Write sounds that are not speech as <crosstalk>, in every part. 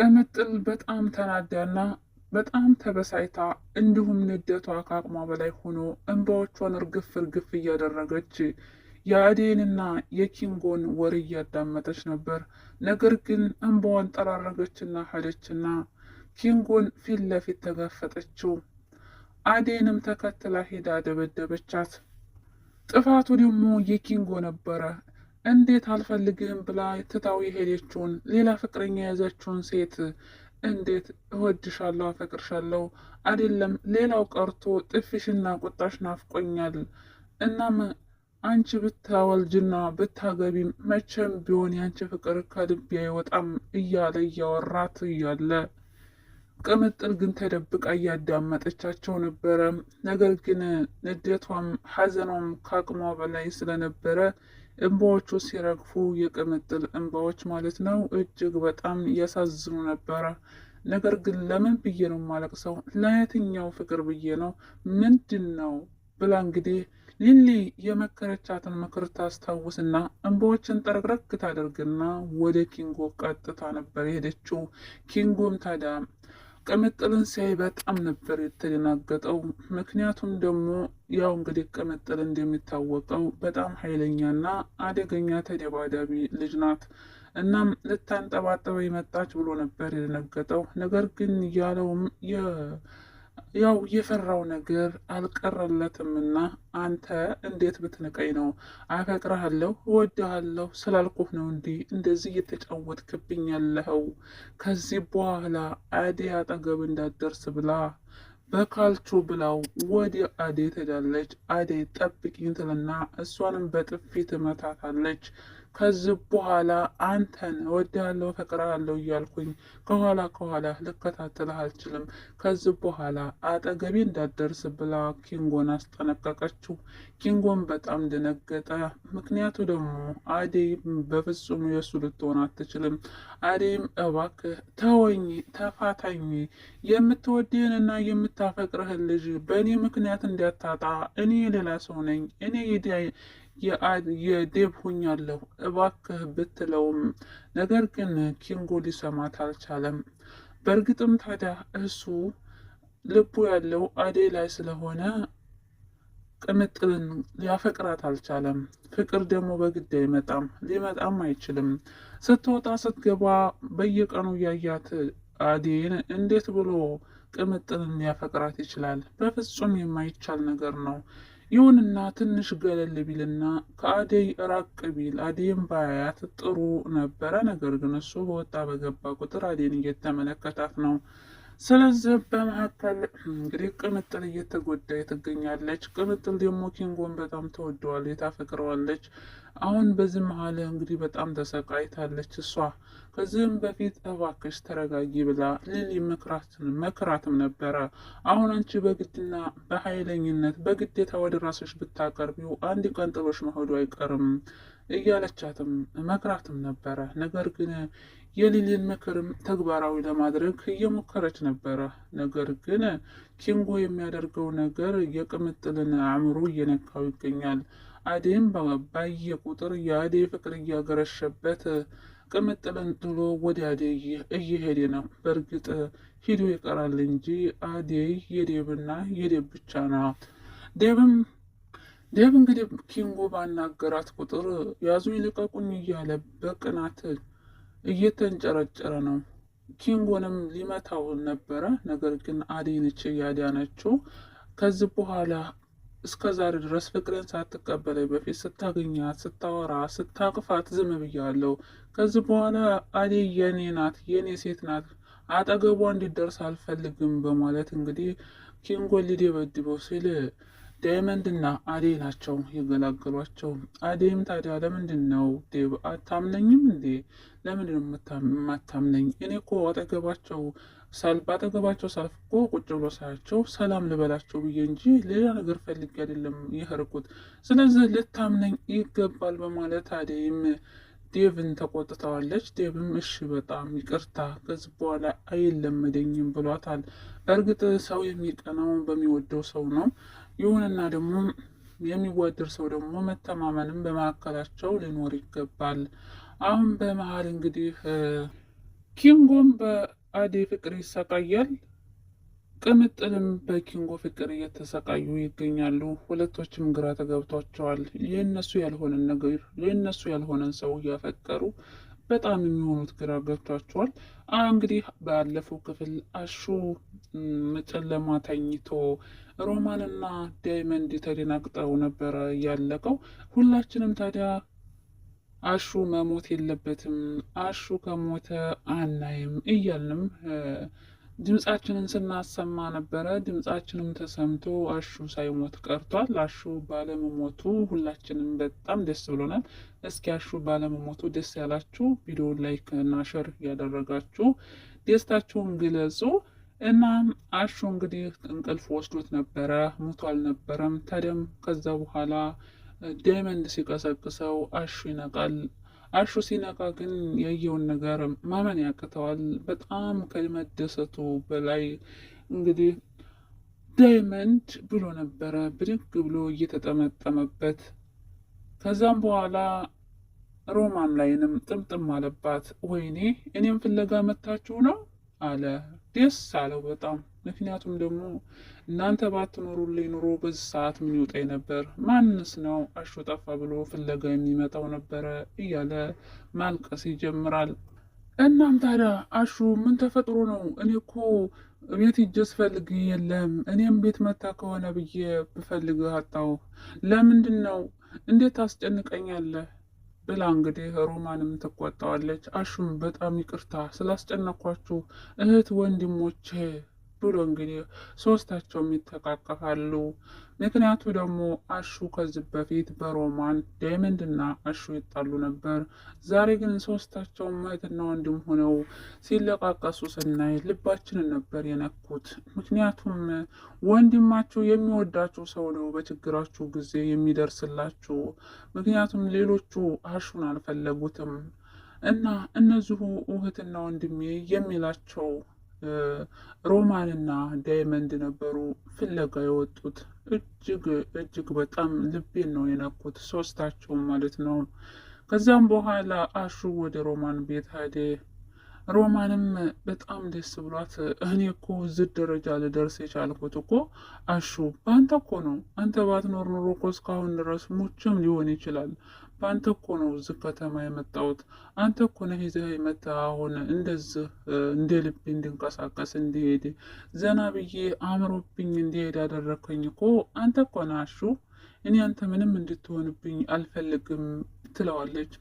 ቅምጥል በጣም ተናዳና በጣም ተበሳይታ እንዲሁም ንደቷ ከአቅሟ በላይ ሆኖ እንባዎቿን እርግፍ እርግፍ እያደረገች የአዴንና የኪንጎን ወር እያዳመጠች ነበር። ነገር ግን እንባዋን ጠራረገችና ሄደችና ኪንጎን ፊት ለፊት ተጋፈጠችው። አዴንም ተከትላ ሄዳ ደበደበቻት። ጥፋቱ ደግሞ የኪንጎ ነበረ። እንዴት አልፈልግህም ብላ ትታው የሄደችውን ሌላ ፍቅረኛ የያዘችውን ሴት እንዴት እወድሻለሁ፣ አፈቅርሻለሁ አይደለም ሌላው ቀርቶ ጥፊሽና ቁጣሽ ናፍቆኛል። እናም አንቺ ብታወልጅና ብታገቢም መቼም ቢሆን የአንቺ ፍቅር ከልቤ አይወጣም እያለ እያወራት እያለ ቅምጥል ግን ተደብቃ እያዳመጠቻቸው ነበረ። ነገር ግን ንዴቷም ሐዘኗም ከአቅሟ በላይ ስለነበረ እንባዎቹ ሲረግፉ የቅምጥል እንባዎች ማለት ነው እጅግ በጣም ያሳዝኑ ነበረ። ነገር ግን ለምን ብዬ ነው የማለቅሰው? ለየትኛው ፍቅር ብዬ ነው? ምንድን ነው ብላ እንግዲህ ሊሊ የመከረቻትን ምክር ታስታውስና እንባዎችን ጠረግረግ ታደርግና ወደ ኪንጎ ቀጥታ ነበር የሄደችው። ኪንጎም ታዲያ ቅምጥልን ሲያይ በጣም ነበር የተደናገጠው። ምክንያቱም ደግሞ ያው እንግዲህ ቅምጥል እንደሚታወቀው በጣም ኃይለኛና አደገኛ ተደባዳቢ ልጅ ናት። እናም ልታንጠባጠበ መጣች ብሎ ነበር የደነገጠው። ነገር ግን ያለውም ያው የፈራው ነገር አልቀረለትምና አንተ እንዴት ብትንቀኝ ነው? አፈቅረሃለሁ፣ እወድሃለሁ ስላልኩህ ነው እንዲህ እንደዚህ እየተጫወትክብኝ ያለኸው። ከዚህ በኋላ አዴ አጠገብ እንዳትደርስ ብላ በካልቹ ብላው ወደ አዴ ትሄዳለች። አዴ ጠብቂኝ ትልና እሷንም በጥፊ ትመታታለች። ከዚህ በኋላ አንተን ወዳለው ፈቅራለሁ እያልኩኝ ከኋላ ከኋላ ልከታተል አልችልም፣ ከዚህ በኋላ አጠገቤ እንዳደርስ ብላ ኪንጎን አስጠነቀቀችው። ኪንጎን በጣም ደነገጠ። ምክንያቱ ደግሞ አደይ በፍጹም የእሱ ልትሆን አትችልም። አደይም እባክህ ተወኝ፣ ተፋታኝ የምትወድህንና የምታፈቅርህን ልጅ በእኔ ምክንያት እንዲያታጣ እኔ ሌላ ሰው ነኝ እኔ የዴቭ ሆኛለሁ እባክህ ብትለውም ነገር ግን ኪንጎ ሊሰማት አልቻለም። በእርግጥም ታዲያ እሱ ልቡ ያለው አዴ ላይ ስለሆነ ቅምጥልን ሊያፈቅራት አልቻለም። ፍቅር ደግሞ በግድ አይመጣም፣ ሊመጣም አይችልም። ስትወጣ ስትገባ በየቀኑ ያያት አዴን እንዴት ብሎ ቅምጥልን ሊያፈቅራት ይችላል? በፍጹም የማይቻል ነገር ነው። ይሁንና ትንሽ ገለል ቢልና ከአደይ ራቅ ቢል አደይም ባያት ጥሩ ነበረ። ነገር ግን እሱ በወጣ በገባ ቁጥር አደይን እየተመለከታት ነው። ስለዚህ በመሀከል እንግዲህ ቅምጥል እየተጎዳ ትገኛለች። ቅምጥል ደግሞ ኪንጎን በጣም ተወደዋለች፣ ታፈቅረዋለች። አሁን በዚህ መሀል እንግዲህ በጣም ተሰቃይታለች እሷ። ከዚህም በፊት እባክሽ ተረጋጊ ብላ ሊሊ መክራትም ነበረ። አሁን አንቺ በግድና በኃይለኝነት በግዴታ ወደ ራስሽ ብታቀርቢው አንድ ቀን ጥሎሽ መሄዱ አይቀርም እያለቻትም መክራትም ነበረ። ነገር ግን የሊሊን ምክርም ተግባራዊ ለማድረግ እየሞከረች ነበረ። ነገር ግን ኪንጎ የሚያደርገው ነገር የቅምጥልን አእምሮ እየነካው ይገኛል። አዴም ባየ ቁጥር የአዴ ፍቅር እያገረሸበት ቅምጥልን ጥሎ ወደ አዴ እየሄደ ነው። በእርግጥ ሂዶ ይቀራል እንጂ አዴ የዴብና የዴብ ብቻ ነው። ዴብም ዴቭ እንግዲህ ኪንጎ ባናገራት ቁጥር ያዙ ልቀቁኝ እያለ በቅናት እየተንጨረጨረ ነው። ኪንጎንም ሊመታው ነበረ። ነገር ግን አዴንች እያዳነችው ከዚህ በኋላ እስከ ዛሬ ድረስ ፍቅርን ሳትቀበለኝ በፊት ስታገኛት፣ ስታወራ፣ ስታቅፋት ዝም ብያለሁ። ከዚህ በኋላ አዴ የኔ ናት፣ የኔ ሴት ናት፣ አጠገቧ እንዲደርስ አልፈልግም በማለት እንግዲህ ኪንጎ ሊደበድበው ሲል ዳይመንድና አዴ ናቸው የገላገሏቸው። አዴም ታዲያ ለምንድን ነው ዴብ አታምነኝም እንዴ? ለምንድን ነው የማታምነኝ? እኔ ኮ አጠገባቸው ባጠገባቸው ሳልፍ እኮ ቁጭ ብሎ ሳያቸው ሰላም ልበላቸው ብዬ እንጂ ሌላ ነገር ፈልጌ አይደለም የሄድኩት። ስለዚህ ልታምነኝ ይገባል በማለት አዴም ዴቭን ተቆጥተዋለች። ዴቭም እሺ በጣም ይቅርታ ከዚህ በኋላ አይለመደኝም ብሏታል። እርግጥ ሰው የሚቀናው በሚወደው ሰው ነው። ይሁንና ደግሞ የሚወድር ሰው ደግሞ መተማመንም በመካከላቸው ሊኖር ይገባል። አሁን በመሀል እንግዲህ ኪንጎም በአዴ ፍቅር ይሰቃያል። ቅምጥልም በኪንጎ ፍቅር እየተሰቃዩ ይገኛሉ። ሁለቶችም ግራ ተገብቷቸዋል። የእነሱ ያልሆነን ነገር የእነሱ ያልሆነን ሰው እያፈቀሩ በጣም የሚሆኑት ግራ ገብቷቸዋል። እንግዲህ ባለፈው ክፍል አሹ ጨለማ ተኝቶ ሮማንና ዳይመንድ ተደናግጠው ነበረ ያለቀው። ሁላችንም ታዲያ አሹ መሞት የለበትም አሹ ከሞተ አናይም እያልንም ድምጻችንን ስናሰማ ነበረ። ድምጻችንም ተሰምቶ አሹ ሳይሞት ቀርቷል። አሹ ባለመሞቱ ሁላችንም በጣም ደስ ብሎናል። እስኪ አሹ ባለመሞቱ ደስ ያላችሁ ቪዲዮ ላይክ እና ሸር ያደረጋችሁ ደስታችሁን ግለጹ። እናም አሹ እንግዲህ እንቅልፍ ወስዶት ነበረ፣ ሙቶ አልነበረም። ታዲያም ከዛ በኋላ ዳይመንድ ሲቀሰቅሰው አሹ ይነቃል። አሹ ሲነቃ ግን ያየውን ነገር ማመን ያቅተዋል። በጣም ከመደሰቱ በላይ እንግዲህ ዳይመንድ ብሎ ነበረ ብድግ ብሎ እየተጠመጠመበት። ከዛም በኋላ ሮማን ላይንም ጥምጥም አለባት። ወይኔ እኔም ፍለጋ መታችሁ ነው አለ። ደስ አለው በጣም ምክንያቱም ደግሞ እናንተ ባትኖሩልኝ ኑሮ በዚህ ሰዓት ምን ይውጠኝ ነበር? ማንስ ነው አሹ ጠፋ ብሎ ፍለጋ የሚመጣው ነበረ እያለ ማልቀስ ይጀምራል። እናም ታዲያ አሹ ምን ተፈጥሮ ነው? እኔ እኮ ቤት ሂጅ ስፈልግ የለም እኔም ቤት መታ ከሆነ ብዬ ብፈልግ አጣሁ። ለምንድን ነው እንዴት ታስጨንቀኛለህ? ብላ እንግዲህ ሮማንም ትቆጣዋለች። አሹም በጣም ይቅርታ ስላስጨነኳችሁ እህት ወንድሞቼ ብሎ እንግዲህ ሶስታቸውም ይተቃቀፋሉ። ምክንያቱ ደግሞ አሹ ከዚህ በፊት በሮማን ዳይመንድ ና አሹ ይጣሉ ነበር። ዛሬ ግን ሶስታቸውም እህትና ወንድም ሆነው ሲለቃቀሱ ስናይ ልባችንን ነበር የነኩት። ምክንያቱም ወንድማችሁ የሚወዳችሁ ሰው ነው በችግራችሁ ጊዜ የሚደርስላችሁ። ምክንያቱም ሌሎቹ አሹን አልፈለጉትም እና እነዚሁ እህትና ወንድሜ የሚላቸው ሮማንና ዳይመንድ ነበሩ ፍለጋ የወጡት። እጅግ እጅግ በጣም ልቤን ነው የነኩት ሶስታቸውም ማለት ነው። ከዚያም በኋላ አሹ ወደ ሮማን ቤት ሄደ። ሮማንም በጣም ደስ ብሏት እኔ እኮ ዝድ ደረጃ ልደርስ የቻልኩት እኮ አሹ በአንተ እኮ ነው። አንተ ባትኖር ኖሮ እኮ እስካሁን ድረስ ሙችም ሊሆን ይችላል በአንተ እኮ ነው እዚህ ከተማ የመጣሁት። አንተ እኮ ነህ ይዘህ የመጣህ። አሁን እንደዚህ እንደ ልብ እንድንቀሳቀስ እንዲሄድ ዘና ብዬ አምሮብኝ እንዲሄድ ያደረግከኝ እኮ አንተ እኮ ነህ አሹ። እኔ አንተ ምንም እንድትሆንብኝ አልፈልግም ትለዋለች።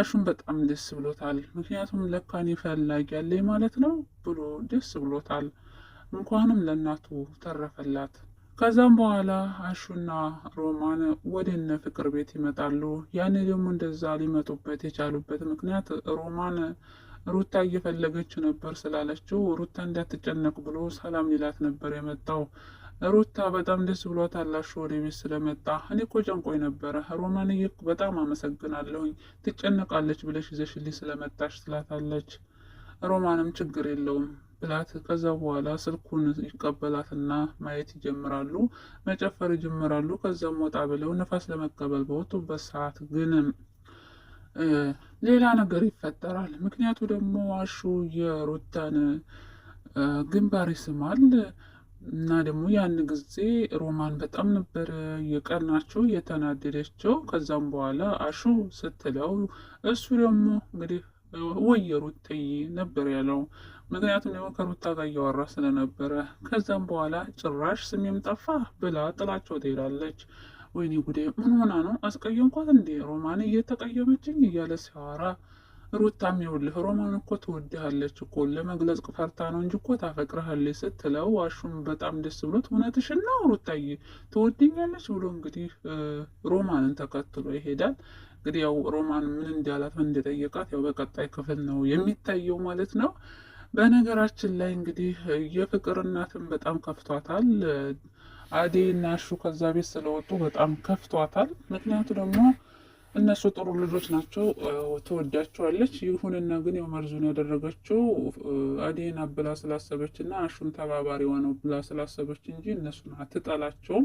አሹም በጣም ደስ ብሎታል። ምክንያቱም ለካ እኔ ፈላጊ ያለኝ ማለት ነው ብሎ ደስ ብሎታል። እንኳንም ለእናቱ ተረፈላት። ከዛም በኋላ አሹና ሮማን ወደ እነ ፍቅር ቤት ይመጣሉ። ያኔ ደግሞ እንደዛ ሊመጡበት የቻሉበት ምክንያት ሮማን ሩታ እየፈለገች ነበር ስላለችው ሩታ እንዳትጨነቅ ብሎ ሰላም ሊላት ነበር የመጣው። ሩታ በጣም ደስ ብሏት አላሹ ወደ ቤት ስለመጣ። እኔ እኮ ጨንቆኝ ነበረ፣ ሮማንዬ በጣም አመሰግናለሁኝ ትጨነቃለች ብለሽ ይዘሽልኝ ስለመጣሽ ትላታለች። ሮማንም ችግር የለውም ብላት ከዛ በኋላ ስልኩን ይቀበላትና ማየት ይጀምራሉ፣ መጨፈር ይጀምራሉ። ከዛም ወጣ ብለው ነፋስ ለመቀበል በወጡበት ሰዓት ግን ሌላ ነገር ይፈጠራል። ምክንያቱ ደግሞ አሹ የሩታን ግንባር ይስማል እና ደግሞ ያን ጊዜ ሮማን በጣም ነበር የቀናቸው የተናደደችው። ከዛም በኋላ አሹ ስትለው እሱ ደግሞ እንግዲህ ወየሩጥይ ነበር ያለው። ምክንያቱም ደግሞ ከሩታ ጋር እያወራ ስለነበረ ከዛም በኋላ ጭራሽ ስሜም ጠፋ ብላ ጥላቸው ትሄዳለች። ወይኔ ጉዴ! ምን ሆና ነው? አስቀየምኳት እንዴ? ሮማን እየተቀየመችኝ እያለ ሲያወራ ሩታም ይኸውልህ ሮማን እኮ ትወድሃለች እኮ ለመግለጽ ፈርታ ነው እንጂ እኮ ታፈቅረሃለች ስትለው አሹም በጣም ደስ ብሎት እውነትሽን ነው ሩታዬ ትወድኛለች ብሎ እንግዲህ ሮማንን ተከትሎ ይሄዳል። እንግዲህ ያው ሮማን ምን እንዳላት እንደጠየቃት ያው በቀጣይ ክፍል ነው የሚታየው ማለት ነው። በነገራችን ላይ እንግዲህ የፍቅር እናትን በጣም ከፍቷታል። አዴ እና እሹ ከዛ ቤት ስለወጡ በጣም ከፍቷታል። ምክንያቱ ደግሞ እነሱ ጥሩ ልጆች ናቸው፣ ትወዳቸዋለች። ይሁንና ግን የመርዙን መርዙን ያደረገችው አዴና ብላ ስላሰበች እና አሹም ተባባሪ ነው ብላ ስላሰበች እንጂ እነሱን አትጠላቸውም፣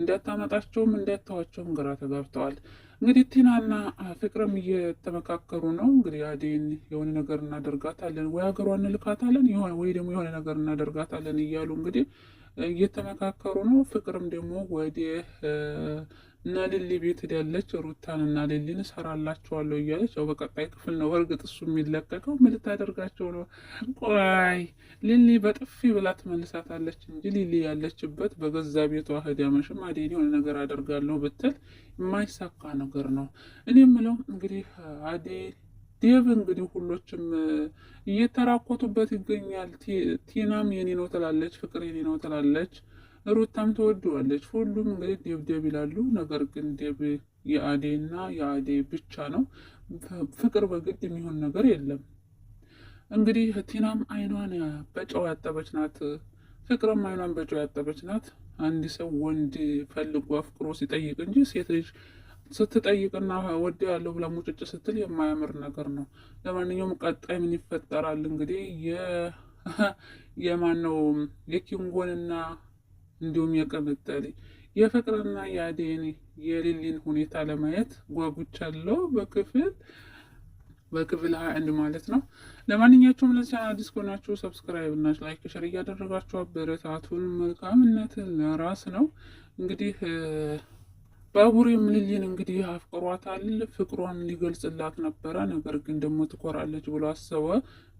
እንዳታመጣቸውም እንዳታዋቸውም ግራ ተጋብተዋል። እንግዲህ ቲናና ፍቅርም እየተመካከሩ ነው። እንግዲህ አዴን የሆነ ነገር እናደርጋታለን ወይ ሀገሯ እንልካታለን ወይ ደግሞ የሆነ ነገር እናደርጋታለን እያሉ እንግዲህ እየተመካከሩ ነው። ፍቅርም ደግሞ ወደ እና ሊሊ ቤት ሄዳለች። ሩታን እና ሊሊን እሰራላችኋለሁ እያለች ያው በቀጣይ ክፍል ነው በእርግጥ እሱ የሚለቀቀው። ምን ልታደርጋቸው ነው? ቆይ ሊሊ በጥፊ ብላ ትመልሳታለች እንጂ ሊሊ ያለችበት በገዛ ቤቷ ሄዳ መሽም አዴን የሆነ ነገር አደርጋለሁ ብትል የማይሳካ ነገር ነው። እኔ የምለው እንግዲህ አዴ ዴቭ እንግዲህ ሁሎችም እየተራኮቱበት ይገኛል። ቲናም የኔ ነው ትላለች፣ ፍቅር የኔ ነው ትላለች ሩታም ተወደዋለች። ሁሉም እንግዲህ ደብደብ ይላሉ። ነገር ግን ዴብ የአዴ እና የአዴ ብቻ ነው። ፍቅር በግድ የሚሆን ነገር የለም። እንግዲህ ቲናም አይኗን በጨው ያጠበች ናት። ፍቅርም አይኗን በጨው ያጠበች ናት። አንድ ሰው ወንድ ፈልጎ አፍቅሮ ሲጠይቅ እንጂ ሴት ልጅ ስትጠይቅና ወደ ያለው ብላ ሙጭጭ ስትል የማያምር ነገር ነው። ለማንኛውም ቀጣይ ምን ይፈጠራል እንግዲህ <laughs> የማን ነው የኪንጎንና እንዲሁም የቀበጠሌ የፍቅርና የአዴን የሊሊን ሁኔታ ለማየት ጓጉቻለሁ። በክፍል በክፍል ሀያ አንድ ማለት ነው። ለማንኛቸውም ለዚህ አዲስ ከሆናችሁ ሰብስክራይብ እና ላይክ ሸር እያደረጋችሁ አበረታቱን። መልካምነት ለራስ ነው። እንግዲህ ባቡሬም ሊሊን እንግዲህ አፍቅሯታል። ፍቅሯን ሊገልጽላት ነበረ። ነገር ግን ደግሞ ትኮራለች ብሎ አሰበ።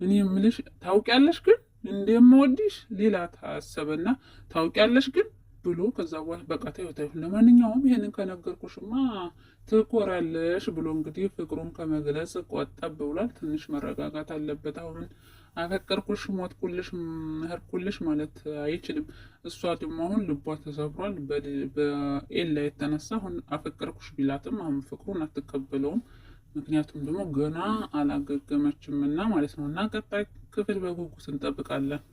እኔ የምልሽ ታውቂያለሽ ግን እንደምወድሽ ሌላ ታሰበና ታውቂያለሽ ግን ብሎ ከዛ በኋላ በቃ ተይው፣ ለማንኛውም ይሄንን ከነገርኩሽማ ትኮራለሽ ብሎ እንግዲህ ፍቅሩን ከመግለጽ ቆጠብ ብሏል። ትንሽ መረጋጋት አለበት። አሁን አፈቀርኩሽ፣ ሞትኩልሽ፣ ምህርኩልሽ ማለት አይችልም። እሷ ደግሞ አሁን ልቧ ተሰብሯል በኤላ የተነሳ አሁን አፈቀርኩሽ ቢላትም አሁን ፍቅሩን አትቀበለውም። ምክንያቱም ደግሞ ገና አላገገመችም እና ማለት ነው እና ቀጣይ ክፍል በጉጉት እንጠብቃለን።